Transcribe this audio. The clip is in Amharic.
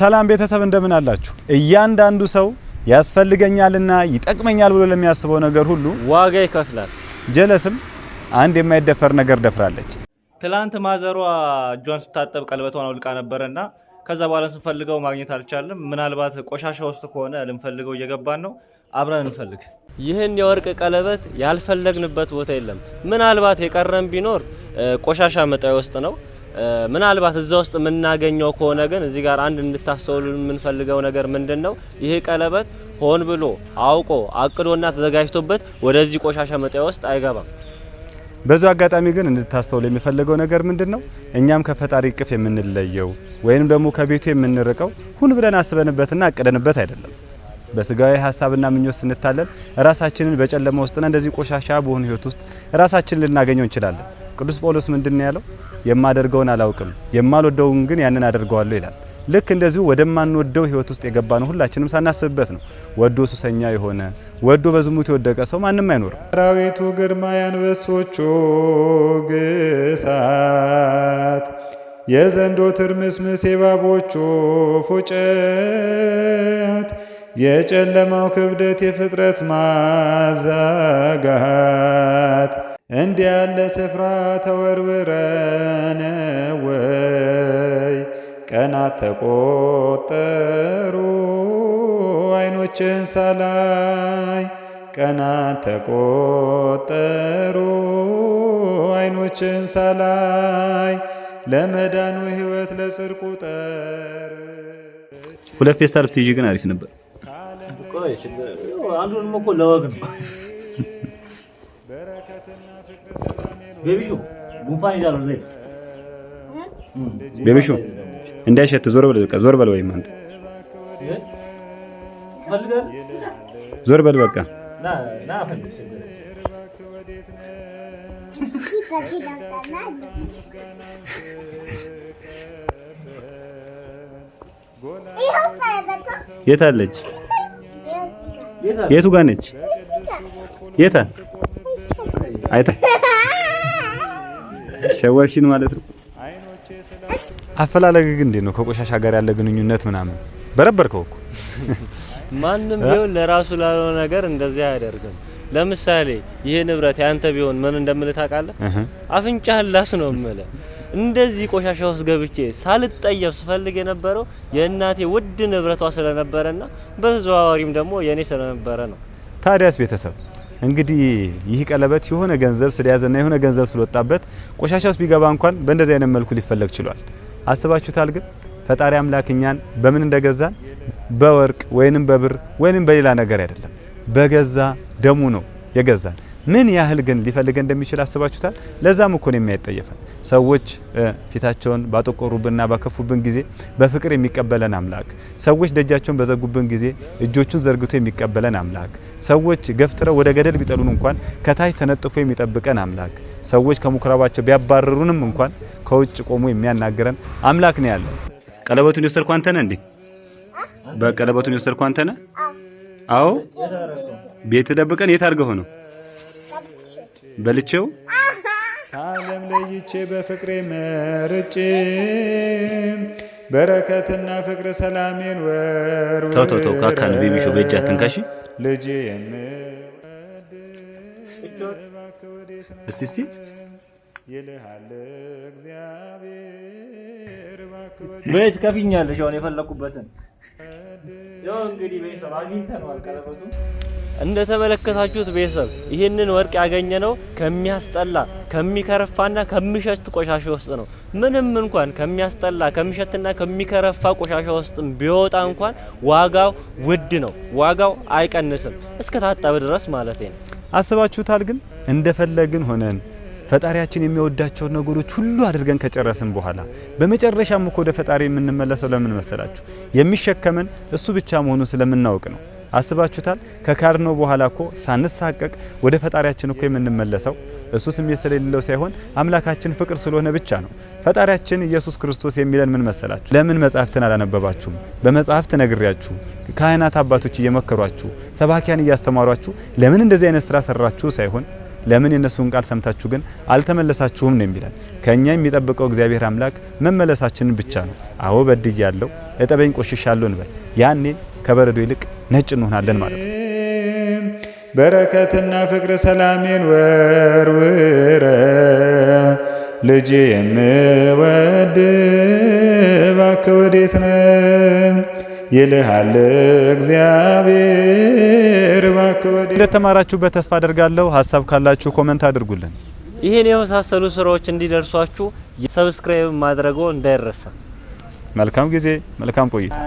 ሰላም ቤተሰብ እንደምን አላችሁ? እያንዳንዱ ሰው ያስፈልገኛልና ይጠቅመኛል ብሎ ለሚያስበው ነገር ሁሉ ዋጋ ይከፍላል። ጀለስም አንድ የማይደፈር ነገር ደፍራለች። ትላንት ማዘሯ እጇን ስታጠብ ቀለበቷን አውልቃ ነበረና ከዛ በኋላ ስንፈልገው ማግኘት አልቻለም። ምናልባት ቆሻሻ ውስጥ ከሆነ ልንፈልገው እየገባን ነው። አብረን እንፈልግ። ይህን የወርቅ ቀለበት ያልፈለግንበት ቦታ የለም። ምናልባት የቀረም ቢኖር ቆሻሻ መጣያ ውስጥ ነው። ምናልባት እዛ ውስጥ የምናገኘው ከሆነ ግን እዚህ ጋር አንድ እንድታስተውሉ የምንፈልገው ነገር ምንድን ነው? ይሄ ቀለበት ሆን ብሎ አውቆ አቅዶና ተዘጋጅቶበት ወደዚህ ቆሻሻ መጣያ ውስጥ አይገባም። በዙ አጋጣሚ ግን እንድታስተውሉ የሚፈልገው ነገር ምንድን ነው? እኛም ከፈጣሪ እቅፍ የምንለየው ወይም ደግሞ ከቤቱ የምንርቀው ሁን ብለን አስበንበትና አቅደንበት አይደለም። በስጋዊ ሀሳብና ምኞት ስንታለል ራሳችንን በጨለማ ውስጥና እንደዚህ ቆሻሻ በሆኑ ህይወት ውስጥ ራሳችንን ልናገኘው እንችላለን። ቅዱስ ጳውሎስ ምንድን ነው ያለው? የማደርገውን አላውቅም የማልወደውን ግን ያንን አደርገዋለሁ ይላል። ልክ እንደዚሁ ወደማንወደው ህይወት ውስጥ የገባነው ሁላችንም ሳናስብበት ነው። ወዶ ሱሰኛ የሆነ ወዶ በዝሙት የወደቀ ሰው ማንም አይኖርም። ሰራዊቱ ግርማ ያንበሶቹ ግሳት የዘንዶ ትርምስምስ የባቦቹ ፉጨት የጨለማው ክብደት የፍጥረት ማዛጋት እንዲህ ያለ ስፍራ ተወርውረን ወይ ቀናት ተቆጠሩ አይኖችን ሳላይ ቀናት ተቆጠሩ አይኖችን ሳላይ ለመዳኑ ህይወት ለጽድቁ ጠር ሁለት ፌስታል ብትይዥ ግን አሪፍ ነበር። ቤቢሹ ጉንፋን ይዛለው ዘይት ቤቢሹ እንዳይሸት ዞር በል በቃ ዞር በል ወይም አንተ ዞር በል በቃ የት አለች? የቱ ነች? የታ አይታ ሸዋሽን ማለት ነው። አፈላለግ ግን እንዴት ነው? ከቆሻሻ ጋር ያለ ግንኙነት ምናምን በረበርከው እኮ። ማንም ቢሆን ለራሱ ላለው ነገር እንደዚህ አያደርግም። ለምሳሌ ይሄ ንብረት ያንተ ቢሆን ምን እንደምልህ ታውቃለህ? አፍንጫህን ላስ ነው የምልህ። እንደዚህ ቆሻሻ ውስጥ ገብቼ ሳልጠየፍ ስፈልግ የነበረው የእናቴ ውድ ንብረቷ ስለነበረና በተዘዋዋሪም ደግሞ የኔ ስለነበረ ነው። ታዲያስ ቤተሰብ እንግዲህ ይህ ቀለበት የሆነ ገንዘብ ስለያዘና የሆነ ገንዘብ ስለወጣበት ቆሻሻስ ቢገባ እንኳን በእንደዚህ አይነት መልኩ ሊፈለግ ችሏል። አስባችሁታል? ግን ፈጣሪ አምላክ እኛን በምን እንደገዛን በወርቅ ወይንም በብር ወይንም በሌላ ነገር አይደለም፣ በገዛ ደሙ ነው የገዛን። ምን ያህል ግን ሊፈልገን እንደሚችል አስባችሁታል? ለዛም እኮ ነው የሚያይጠየፈን ሰዎች ፊታቸውን ባጠቆሩብንና ባከፉብን ጊዜ በፍቅር የሚቀበለን አምላክ፣ ሰዎች ደጃቸውን በዘጉብን ጊዜ እጆቹን ዘርግቶ የሚቀበለን አምላክ፣ ሰዎች ገፍጥረው ወደ ገደል ቢጠሉን እንኳን ከታች ተነጥፎ የሚጠብቀን አምላክ፣ ሰዎች ከምኩራባቸው ቢያባረሩንም እንኳን ከውጭ ቆሞ የሚያናግረን አምላክ ነው ያለው። ቀለበቱን የወሰድኩ አንተ ነህ እንዴ? በቀለበቱን የወሰድኩ አንተ ነህ? አዎ። ቤት ደብቀን የት አድርገው ነው በልቼው ከዓለም ለይቼ በፍቅሬ መርጬ በረከትና ፍቅር ሰላሜን ወር ተው ተው ተው ካካን ቤቢሾ በእጅ አትንካሽ ልጄ እስቲ ይልሃል እግዚአብሔር ቤት ከፊኛለሽ አሁን የፈለኩበትን ያው እንግዲህ ቤተሰብ አግኝተነዋል ቀለበቱ እንደተመለከታችሁት ቤተሰብ ይህንን ወርቅ ያገኘ ነው ከሚያስጠላ ከሚከረፋና ከሚሸት ቆሻሻ ውስጥ ነው። ምንም እንኳን ከሚያስጠላ ከሚሸትና ከሚከረፋ ቆሻሻ ውስጥም ቢወጣ እንኳን ዋጋው ውድ ነው። ዋጋው አይቀንስም እስከ ታጠበ ድረስ ማለት ነው። አስባችሁታል? ግን እንደፈለግን ሆነን ፈጣሪያችን የሚወዳቸውን ነገሮች ሁሉ አድርገን ከጨረስን በኋላ በመጨረሻም እኮ ወደ ፈጣሪ የምንመለሰው ለምን መሰላችሁ? የሚሸከመን እሱ ብቻ መሆኑ ስለምናውቅ ነው። አስባችሁታል? ከካድኖ በኋላ እኮ ሳንሳቀቅ ወደ ፈጣሪያችን እኮ የምንመለሰው እሱ ስሜት ስለሌለው ሳይሆን አምላካችን ፍቅር ስለሆነ ብቻ ነው። ፈጣሪያችን ኢየሱስ ክርስቶስ የሚለን ምን መሰላችሁ? ለምን መጻሕፍትን አላነበባችሁም? በመጻሕፍት ነግሬያችሁ፣ ካህናት አባቶች እየመከሯችሁ፣ ሰባኪያን እያስተማሯችሁ ለምን እንደዚህ አይነት ስራ ሰራችሁ ሳይሆን ለምን የነሱን ቃል ሰምታችሁ ግን አልተመለሳችሁም ነው የሚለን። ከኛ የሚጠብቀው እግዚአብሔር አምላክ መመለሳችንን ብቻ ነው። አዎ በድያለሁ፣ እጠበኝ፣ ቆሽሻለሁ እንበል። ያኔ ከበረዶ ይልቅ ነጭ እንሆናለን ማለት ነው። በረከትና ፍቅር ሰላሜን ወርውረ ልጅ የምወድ እባክህ ወዴት ነህ ይልሃል እግዚአብሔር እባክህ ወዴት። እንደተማራችሁበት ተስፋ አደርጋለሁ። ሀሳብ ካላችሁ ኮመንት አድርጉልን። ይህን የመሳሰሉ ስራዎች እንዲደርሷችሁ ሰብስክራይብ ማድረጎ እንዳይረሳ። መልካም ጊዜ፣ መልካም ቆይታ